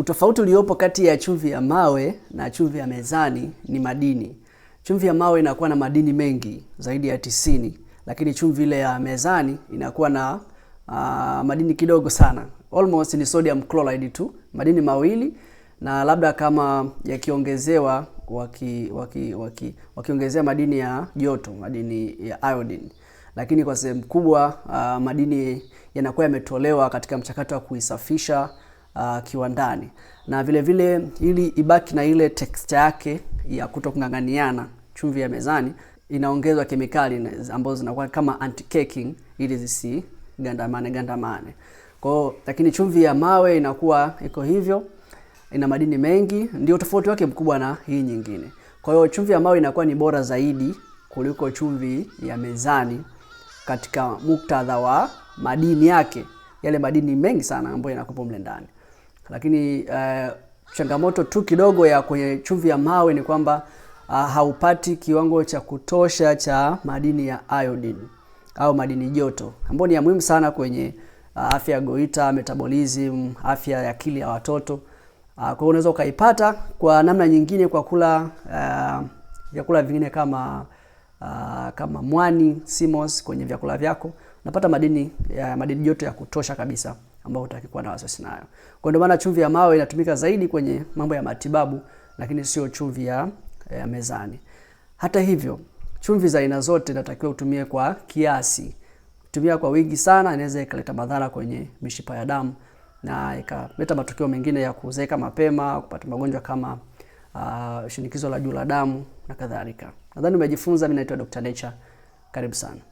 Utofauti uliopo kati ya chumvi ya mawe na chumvi ya mezani ni madini. Chumvi ya mawe inakuwa na madini mengi zaidi ya tisini, lakini chumvi ile ya mezani inakuwa na uh, madini kidogo sana, almost ni sodium chloride tu, madini mawili na labda kama yakiongezewa waki, waki, waki, wakiongezea madini ya joto, madini ya iodine, lakini kwa sehemu kubwa uh, madini yanakuwa yametolewa katika mchakato wa kuisafisha uh, kiwandani na vile vile ili ibaki na ile texture yake ya kutokung'ang'aniana, chumvi ya mezani inaongezwa kemikali ambazo zinakuwa kama anti-caking ili zisi gandamane. gandamane Kwa lakini chumvi ya mawe inakuwa iko hivyo, ina madini mengi, ndio tofauti wake mkubwa na hii nyingine. Kwa hiyo chumvi ya mawe inakuwa ni bora zaidi kuliko chumvi ya mezani katika muktadha wa madini yake, yale madini mengi sana ambayo yanakupo mle ndani lakini uh, changamoto tu kidogo ya kwenye chumvi ya mawe ni kwamba uh, haupati kiwango cha kutosha cha madini ya iodine au madini joto ambayo ni ya muhimu sana kwenye uh, afya ya goita, metabolism, afya ya akili ya watoto. Uh, kwa hiyo unaweza ukaipata kwa namna nyingine kwa kula eh, vyakula uh, vingine kama uh, kama mwani, simos kwenye vyakula vyako unapata madini ya eh, madini joto ya kutosha kabisa ambao hutaki kuwa na wasiwasi nayo. Kwa ndio maana chumvi ya mawe inatumika zaidi kwenye mambo ya matibabu, lakini sio chumvi ya eh, ya mezani. Hata hivyo, chumvi za aina zote inatakiwa utumie kwa kiasi. Tumia kwa wingi sana inaweza ikaleta madhara kwenye mishipa ya damu na ikaleta matokeo mengine ya kuzeeka mapema, kupata magonjwa kama uh, shinikizo la juu la damu na kadhalika. Nadhani umejifunza. Mimi naitwa Dr. Nature. Karibu sana.